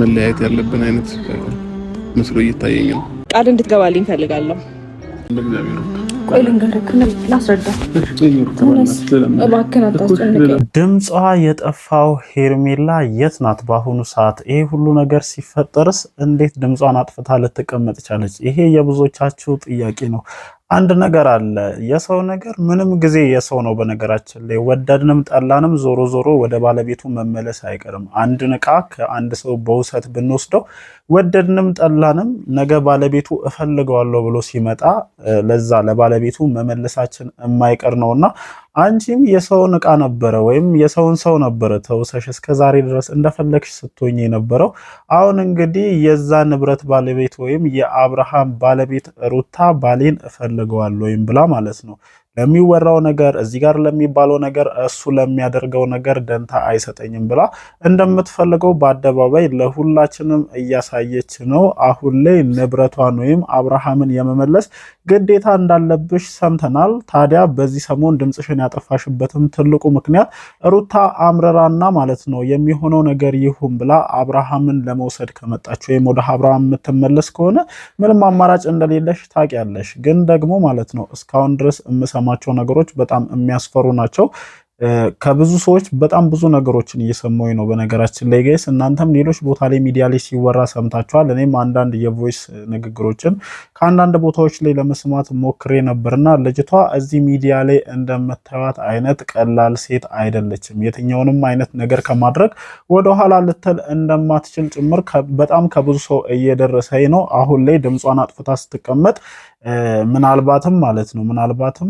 መለያየት ያለብን አይነት ምስሉ እየታየኝ ነው። ቃል እንድትገባልኝ እፈልጋለሁ። ድምጿ የጠፋው ሄርሜላ የት ናት? በአሁኑ ሰዓት ይሄ ሁሉ ነገር ሲፈጠርስ እንዴት ድምጿን አጥፍታ ልትቀመጥ ቻለች? ይሄ የብዙዎቻችሁ ጥያቄ ነው። አንድ ነገር አለ። የሰው ነገር ምንም ጊዜ የሰው ነው። በነገራችን ላይ ወደድንም ጠላንም ዞሮ ዞሮ ወደ ባለቤቱ መመለስ አይቀርም። አንድን ዕቃ ከአንድ ሰው በውሰት ብንወስደው ወደድንም ጠላንም ነገ ባለቤቱ እፈልገዋለሁ ብሎ ሲመጣ ለዛ ለባለቤቱ መመለሳችን የማይቀር ነውና አንቺም የሰውን ዕቃ ነበረ ወይም የሰውን ሰው ነበረ ተውሰሽ እስከ ዛሬ ድረስ እንደፈለግሽ ስትሆኝ የነበረው። አሁን እንግዲህ የዛ ንብረት ባለቤት ወይም የአብርሃም ባለቤት ሩታ ባሌን እፈልገዋል ወይም ብላ ማለት ነው ለሚወራው ነገር እዚህ ጋር ለሚባለው ነገር እሱ ለሚያደርገው ነገር ደንታ አይሰጠኝም ብላ እንደምትፈልገው በአደባባይ ለሁላችንም እያሳየች ነው። አሁን ላይ ንብረቷን ወይም አብርሃምን የመመለስ ግዴታ እንዳለብሽ ሰምተናል። ታዲያ በዚህ ሰሞን ድምፅሽን ያጠፋሽበትም ትልቁ ምክንያት ሩታ አምረራና ማለት ነው የሚሆነው ነገር ይሁን ብላ አብርሃምን ለመውሰድ ከመጣች ወይም ወደ አብርሃም የምትመለስ ከሆነ ምንም አማራጭ እንደሌለሽ ታውቂያለሽ። ግን ደግሞ ማለት ነው እስካሁን ድረስ የምሰማቸው ነገሮች በጣም የሚያስፈሩ ናቸው። ከብዙ ሰዎች በጣም ብዙ ነገሮችን እየሰማሁኝ ነው። በነገራችን ላይ ጋይስ እናንተም ሌሎች ቦታ ላይ ሚዲያ ላይ ሲወራ ሰምታችኋል። እኔም አንዳንድ የቮይስ ንግግሮችን ከአንዳንድ ቦታዎች ላይ ለመስማት ሞክሬ ነበርና ልጅቷ እዚህ ሚዲያ ላይ እንደምታዩት አይነት ቀላል ሴት አይደለችም። የትኛውንም አይነት ነገር ከማድረግ ወደኋላ ልትል እንደማትችል ጭምር በጣም ከብዙ ሰው እየደረሰ ነው። አሁን ላይ ድምጿን አጥፍታ ስትቀመጥ ምናልባትም ማለት ነው ምናልባትም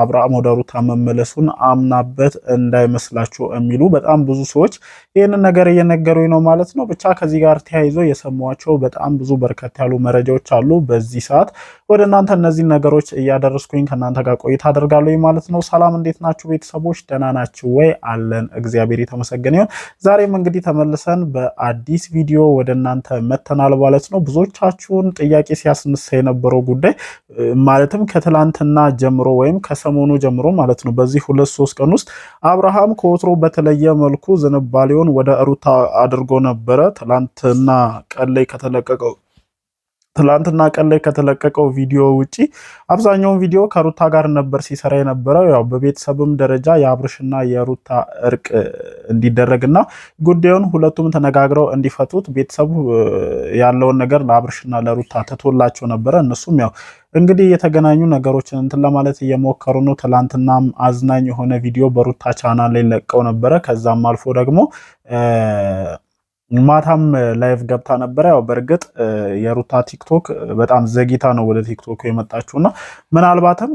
አብርሃም ወደ ሩታ መመለሱን አምናበት እንዳይመስላችሁ የሚሉ በጣም ብዙ ሰዎች ይህንን ነገር እየነገሩኝ ነው ማለት ነው። ብቻ ከዚህ ጋር ተያይዞ የሰሟቸው በጣም ብዙ በርከት ያሉ መረጃዎች አሉ። በዚህ ሰዓት ወደ እናንተ እነዚህን ነገሮች እያደረስኩኝ ከእናንተ ጋር ቆይታ አደርጋለሁ ማለት ነው። ሰላም፣ እንዴት ናችሁ ቤተሰቦች? ደህና ናችሁ ወይ? አለን እግዚአብሔር የተመሰገነ ይሁን። ዛሬም እንግዲህ ተመልሰን በአዲስ ቪዲዮ ወደ እናንተ መተናል ማለት ነው። ብዙዎቻችሁን ጥያቄ ሲያስነሳ የነበረው ጉዳይ ማለትም ከትላንትና ጀምሮ ወይም ከሰሞኑ ጀምሮ ማለት ነው። በዚህ ሁለት ሶስት ቀን ውስጥ አብርሃም ከወትሮ በተለየ መልኩ ዝንባሌውን ወደ ሩታ አድርጎ ነበረ። ትላንትና ቀን ላይ ከተለቀቀው ትላንትና ቀን ላይ ከተለቀቀው ቪዲዮ ውጪ አብዛኛውን ቪዲዮ ከሩታ ጋር ነበር ሲሰራ የነበረው። ያው በቤተሰብም ደረጃ የአብርሽና የሩታ እርቅ እንዲደረግና ጉዳዩን ሁለቱም ተነጋግረው እንዲፈቱት ቤተሰቡ ያለውን ነገር ለአብርሽና ለሩታ ትቶላቸው ነበረ። እነሱም ያው እንግዲህ የተገናኙ ነገሮችን እንትን ለማለት እየሞከሩ ነው። ትላንትናም አዝናኝ የሆነ ቪዲዮ በሩታ ቻናል ላይ ለቀው ነበረ። ከዛም አልፎ ደግሞ ማታም ላይቭ ገብታ ነበረ። ያው በእርግጥ የሩታ ቲክቶክ በጣም ዘግይታ ነው ወደ ቲክቶክ የመጣችው እና ምናልባትም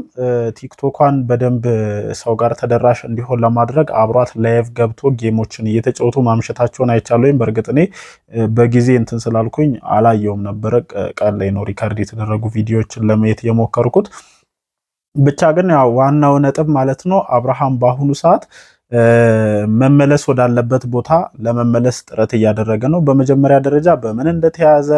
ቲክቶኳን በደንብ ሰው ጋር ተደራሽ እንዲሆን ለማድረግ አብሯት ላይቭ ገብቶ ጌሞችን እየተጫወቱ ማምሸታቸውን አይቻለ ወይም በእርግጥ እኔ በጊዜ እንትን ስላልኩኝ አላየውም ነበረ። ቀን ላይ ነው ሪካርድ የተደረጉ ቪዲዮዎችን ለማየት የሞከርኩት። ብቻ ግን ያው ዋናው ነጥብ ማለት ነው አብርሃም በአሁኑ ሰዓት መመለስ ወዳለበት ቦታ ለመመለስ ጥረት እያደረገ ነው። በመጀመሪያ ደረጃ በምን እንደተያዘ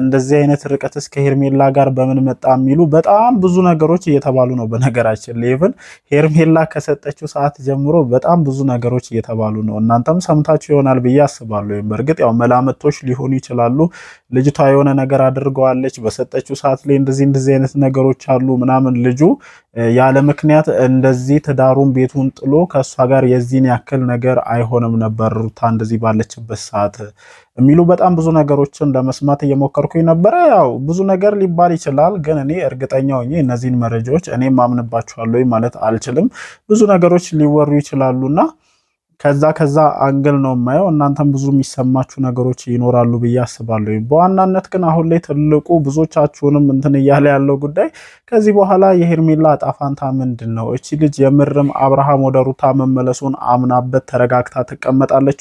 እንደዚህ አይነት ርቀትስ ከሄርሜላ ጋር በምን መጣ የሚሉ በጣም ብዙ ነገሮች እየተባሉ ነው። በነገራችን ሌቭን ሄርሜላ ከሰጠችው ሰዓት ጀምሮ በጣም ብዙ ነገሮች እየተባሉ ነው። እናንተም ሰምታችሁ ይሆናል ብዬ አስባለሁ። ወይም በእርግጥ ያው መላምቶች ሊሆኑ ይችላሉ። ልጅቷ የሆነ ነገር አድርገዋለች በሰጠችው ሰዓት ላይ እንደዚህ እንደዚህ አይነት ነገሮች አሉ ምናምን። ልጁ ያለ ምክንያት እንደዚህ ትዳሩን ቤቱን ጥሎ ከእሷ ጋር የዚህን ያክል ነገር አይሆንም ነበር ሩታ እንደዚህ ባለችበት ሰዓት የሚሉ በጣም ብዙ ነገሮችን ለመስማት እየሞከርኩኝ ነበረ። ያው ብዙ ነገር ሊባል ይችላል፣ ግን እኔ እርግጠኛ ሆኜ እነዚህን መረጃዎች እኔ ማምንባቸዋለሁ ማለት አልችልም። ብዙ ነገሮች ሊወሩ ይችላሉና ከዛ ከዛ አንግል ነው የማየው። እናንተም ብዙ የሚሰማችሁ ነገሮች ይኖራሉ ብዬ አስባለሁ። በዋናነት ግን አሁን ላይ ትልቁ ብዙዎቻችሁንም እንትን እያለ ያለው ጉዳይ ከዚህ በኋላ የሄርሜላ ዕጣ ምንድነው ምንድን ነው? እቺ ልጅ የምርም አብርሃም ወደ ሩታ መመለሱን አምናበት ተረጋግታ ትቀመጣለች?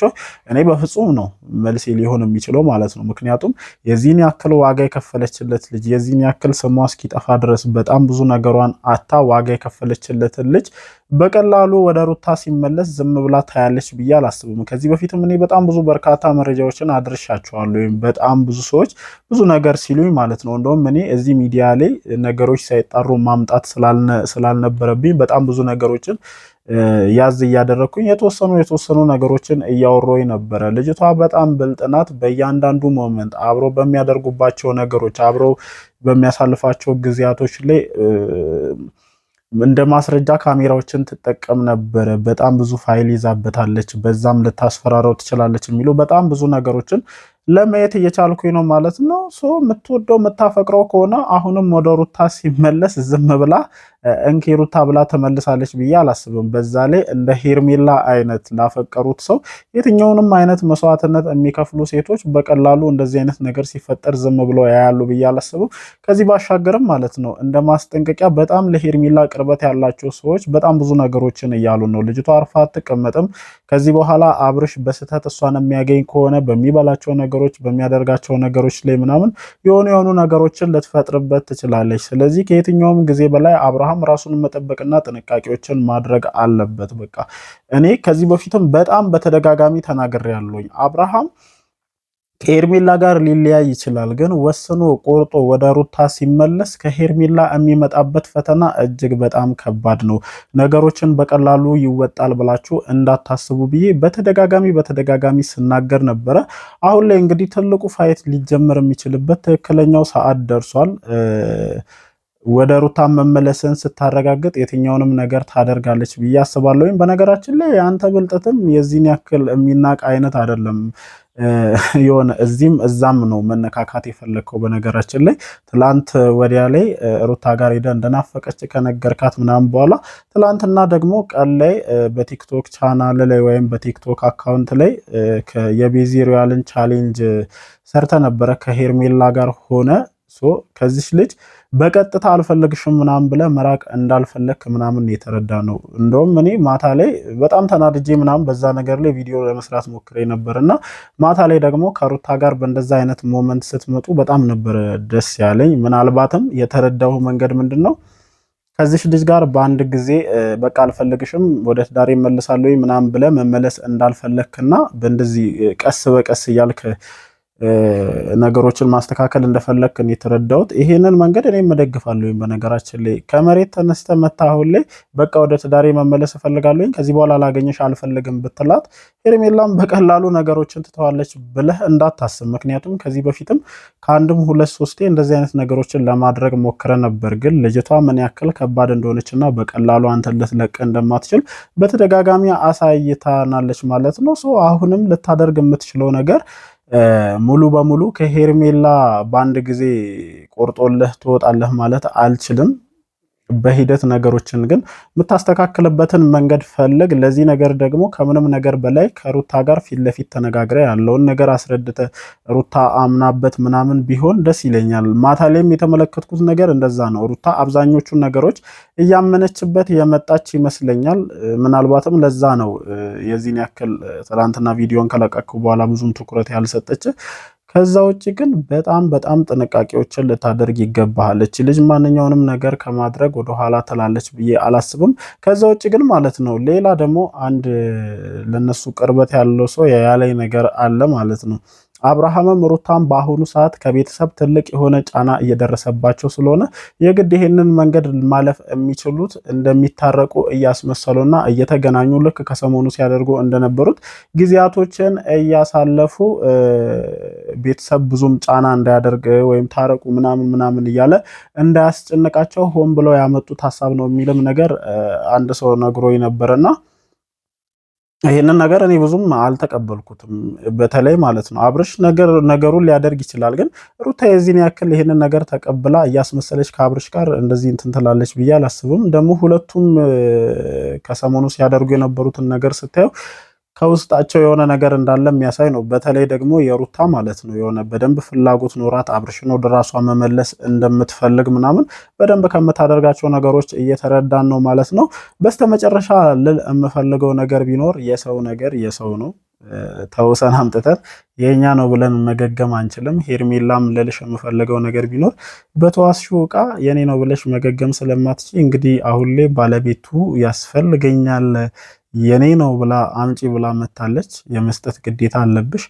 እኔ በፍጹም ነው መልሴ ሊሆን የሚችለው ማለት ነው። ምክንያቱም የዚህን ያክል ዋጋ የከፈለችለት ልጅ የዚህን ያክል ስሟ እስኪጠፋ ድረስ በጣም ብዙ ነገሯን አታ ዋጋ የከፈለችለትን ልጅ በቀላሉ ወደ ሩታ ሲመለስ ዝም ብላ ታያለች ብዬ አላስብም። ከዚህ በፊትም እኔ በጣም ብዙ በርካታ መረጃዎችን አድርሻቸዋለሁ ወይም በጣም ብዙ ሰዎች ብዙ ነገር ሲሉኝ ማለት ነው። እንደውም እኔ እዚህ ሚዲያ ላይ ነገሮች ሳይጣሩ ማምጣት ስላልነበረብኝ በጣም ብዙ ነገሮችን ያዝ እያደረግኩኝ የተወሰኑ የተወሰኑ ነገሮችን እያወሮኝ ነበረ። ልጅቷ በጣም ብልጥ ናት። በእያንዳንዱ ሞመንት አብሮ በሚያደርጉባቸው ነገሮች አብረው በሚያሳልፋቸው ጊዜያቶች ላይ እንደ ማስረጃ ካሜራዎችን ትጠቀም ነበረ፣ በጣም ብዙ ፋይል ይዛበታለች፣ በዛም ልታስፈራረው ትችላለች የሚሉ በጣም ብዙ ነገሮችን ለመየት እየቻልኩኝ ነው ማለት ነው። ሶ የምትወደው የምታፈቅረው ከሆነ አሁንም ወደ ሩታ ሲመለስ ዝም ብላ እንኪ ሩታ ብላ ተመልሳለች ብዬ አላስብም። በዛ ላይ እንደ ሄርሜላ አይነት ላፈቀሩት ሰው የትኛውንም አይነት መስዋዕትነት የሚከፍሉ ሴቶች በቀላሉ እንደዚህ አይነት ነገር ሲፈጠር ዝም ብሎ ያያሉ ብዬ አላስብም። ከዚህ ባሻገርም ማለት ነው እንደ ማስጠንቀቂያ በጣም ለሄርሜላ ቅርበት ያላቸው ሰዎች በጣም ብዙ ነገሮችን እያሉ ነው። ልጅቷ አርፋ አትቀመጥም። ከዚህ በኋላ አብርሽ በስህተት እሷን የሚያገኝ ከሆነ በሚበላቸው ነገር ነገሮች በሚያደርጋቸው ነገሮች ላይ ምናምን የሆኑ የሆኑ ነገሮችን ልትፈጥርበት ትችላለች። ስለዚህ ከየትኛውም ጊዜ በላይ አብርሃም ራሱን መጠበቅና ጥንቃቄዎችን ማድረግ አለበት። በቃ እኔ ከዚህ በፊትም በጣም በተደጋጋሚ ያለኝ አብርሃም ከሄርሜላ ጋር ሊለያይ ይችላል፣ ግን ወስኖ ቆርጦ ወደ ሩታ ሲመለስ ከሄርሜላ የሚመጣበት ፈተና እጅግ በጣም ከባድ ነው። ነገሮችን በቀላሉ ይወጣል ብላችሁ እንዳታስቡ ብዬ በተደጋጋሚ በተደጋጋሚ ስናገር ነበረ። አሁን ላይ እንግዲህ ትልቁ ፋይት ሊጀምር የሚችልበት ትክክለኛው ሰዓት ደርሷል። ወደ ሩታ መመለስን ስታረጋግጥ የትኛውንም ነገር ታደርጋለች ብዬ አስባለሁ። በነገራችን ላይ አንተ ብልጠትም የዚህን ያክል የሚናቅ አይነት አይደለም። የሆነ እዚህም እዛም ነው መነካካት የፈለግከው። በነገራችን ላይ ትላንት ወዲያ ላይ ሩታ ጋር ሄደ እንደናፈቀች ከነገርካት ምናምን በኋላ ትላንትና ደግሞ ቀን ላይ በቲክቶክ ቻናል ላይ ወይም በቲክቶክ አካውንት ላይ የቤዚ ሪያልን ቻሌንጅ ሰርተ ነበረ ከሄርሜላ ጋር ሆነ ከዚች ልጅ በቀጥታ አልፈለግሽም ምናምን ብለህ መራቅ እንዳልፈለግክ ምናምን የተረዳ ነው። እንደውም እኔ ማታ ላይ በጣም ተናድጄ ምናምን በዛ ነገር ላይ ቪዲዮ ለመስራት ሞክሬ ነበር እና ማታ ላይ ደግሞ ከሩታ ጋር በእንደዛ አይነት ሞመንት ስትመጡ በጣም ነበር ደስ ያለኝ። ምናልባትም የተረዳሁ መንገድ ምንድን ነው ከዚች ልጅ ጋር በአንድ ጊዜ በቃ አልፈልግሽም ወደ ትዳሬ እመልሳለሁ ምናምን ብለህ መመለስ እንዳልፈለግክና በእንደዚህ ቀስ በቀስ እያልክ ነገሮችን ማስተካከል እንደፈለግክን ነው የተረዳሁት። ይሄንን መንገድ እኔም እደግፋለሁ። በነገራችን ላይ ከመሬት ተነስተ መታ አሁን ላይ በቃ ወደ ትዳሬ መመለስ እፈልጋለሁኝ ከዚህ በኋላ ላገኘሽ አልፈልግም ብትላት ሄርሜላም በቀላሉ ነገሮችን ትተዋለች ብለህ እንዳታስብ። ምክንያቱም ከዚህ በፊትም ከአንድም ሁለት ሶስቴ እንደዚህ አይነት ነገሮችን ለማድረግ ሞክረ ነበር፣ ግን ልጅቷ ምን ያክል ከባድ እንደሆነችና በቀላሉ አንተ ልትለቅ እንደማትችል በተደጋጋሚ አሳይታናለች ማለት ነው። አሁንም ልታደርግ የምትችለው ነገር ሙሉ በሙሉ ከሄርሜላ በአንድ ጊዜ ቆርጦልህ ትወጣለህ ማለት አልችልም። በሂደት ነገሮችን ግን የምታስተካክልበትን መንገድ ፈልግ። ለዚህ ነገር ደግሞ ከምንም ነገር በላይ ከሩታ ጋር ፊት ለፊት ተነጋግረ ያለውን ነገር አስረድተ ሩታ አምናበት ምናምን ቢሆን ደስ ይለኛል። ማታ ላይም የተመለከትኩት ነገር እንደዛ ነው። ሩታ አብዛኞቹን ነገሮች እያመነችበት የመጣች ይመስለኛል። ምናልባትም ለዛ ነው የዚህን ያክል ትናንትና ቪዲዮን ከለቀቅኩ በኋላ ብዙም ትኩረት ያልሰጠች ከዛ ውጭ ግን በጣም በጣም ጥንቃቄዎችን ልታደርግ ይገባሃል። እቺ ልጅ ማንኛውንም ነገር ከማድረግ ወደኋላ ትላለች ብዬ አላስብም። ከዛ ውጭ ግን ማለት ነው ሌላ ደግሞ አንድ ለነሱ ቅርበት ያለው ሰው ያለኝ ነገር አለ ማለት ነው። አብርሃምም ሩታም በአሁኑ ሰዓት ከቤተሰብ ትልቅ የሆነ ጫና እየደረሰባቸው ስለሆነ የግድ ይሄንን መንገድ ማለፍ የሚችሉት እንደሚታረቁ እያስመሰሉና እየተገናኙ ልክ ከሰሞኑ ሲያደርጉ እንደነበሩት ጊዜያቶችን እያሳለፉ ቤተሰብ ብዙም ጫና እንዳያደርግ ወይም ታረቁ ምናምን ምናምን እያለ እንዳያስጨንቃቸው ሆን ብለው ያመጡት ሀሳብ ነው የሚልም ነገር አንድ ሰው ነግሮኝ ነበርና ይሄንን ነገር እኔ ብዙም አልተቀበልኩትም። በተለይ ማለት ነው አብርሽ ነገር ነገሩን ሊያደርግ ይችላል፣ ግን ሩታ የዚህን ያክል ይሄንን ነገር ተቀብላ እያስመሰለች ከአብርሽ ጋር እንደዚህ እንትን ትላለች ብዬ አላስብም። ደግሞ ሁለቱም ከሰሞኑ ሲያደርጉ የነበሩትን ነገር ስታየው ከውስጣቸው የሆነ ነገር እንዳለ የሚያሳይ ነው። በተለይ ደግሞ የሩታ ማለት ነው የሆነ በደንብ ፍላጎት ኖራት አብርሽን ወደ ራሷ መመለስ እንደምትፈልግ ምናምን በደንብ ከምታደርጋቸው ነገሮች እየተረዳን ነው ማለት ነው። በስተመጨረሻ ልል የምፈልገው ነገር ቢኖር የሰው ነገር የሰው ነው። ተውሰን አምጥተን የኛ ነው ብለን መገገም አንችልም። ሄርሜላም ልልሽ የምፈልገው ነገር ቢኖር በተዋስሽው እቃ የኔ ነው ብለሽ መገገም ስለማትች እንግዲህ አሁን ላይ ባለቤቱ ያስፈልገኛል የኔ ነው ብላ አምጪ ብላ መታለች። የመስጠት ግዴታ አለብሽ።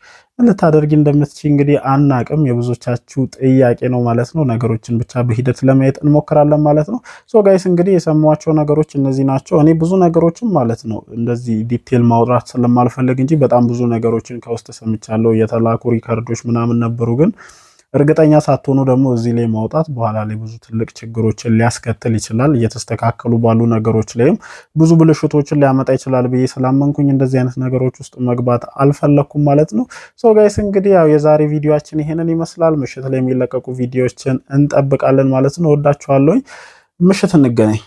ልታደርጊ እንደምትች እንግዲህ አናቅም። የብዙቻችሁ ጥያቄ ነው ማለት ነው። ነገሮችን ብቻ በሂደት ለማየት እንሞክራለን ማለት ነው። ሶ ጋይስ እንግዲህ የሰማቸው ነገሮች እነዚህ ናቸው። እኔ ብዙ ነገሮችን ማለት ነው እንደዚህ ዲቴል ማውጣት ስለማልፈልግ እንጂ በጣም ብዙ ነገሮችን ከውስጥ ሰምቻለሁ። የተላኩ ሪከርዶች ምናምን ነበሩ ግን እርግጠኛ ሳትሆኑ ደግሞ እዚህ ላይ ማውጣት በኋላ ላይ ብዙ ትልቅ ችግሮችን ሊያስከትል ይችላል። እየተስተካከሉ ባሉ ነገሮች ላይም ብዙ ብልሽቶችን ሊያመጣ ይችላል ብዬ ስላመንኩኝ እንደዚህ አይነት ነገሮች ውስጥ መግባት አልፈለኩም ማለት ነው። ሶ ጋይስ እንግዲህ ያው የዛሬ ቪዲዮችን ይሄንን ይመስላል። ምሽት ላይ የሚለቀቁ ቪዲዮችን እንጠብቃለን ማለት ነው። ወዳችኋለሁኝ። ምሽት እንገናኝ።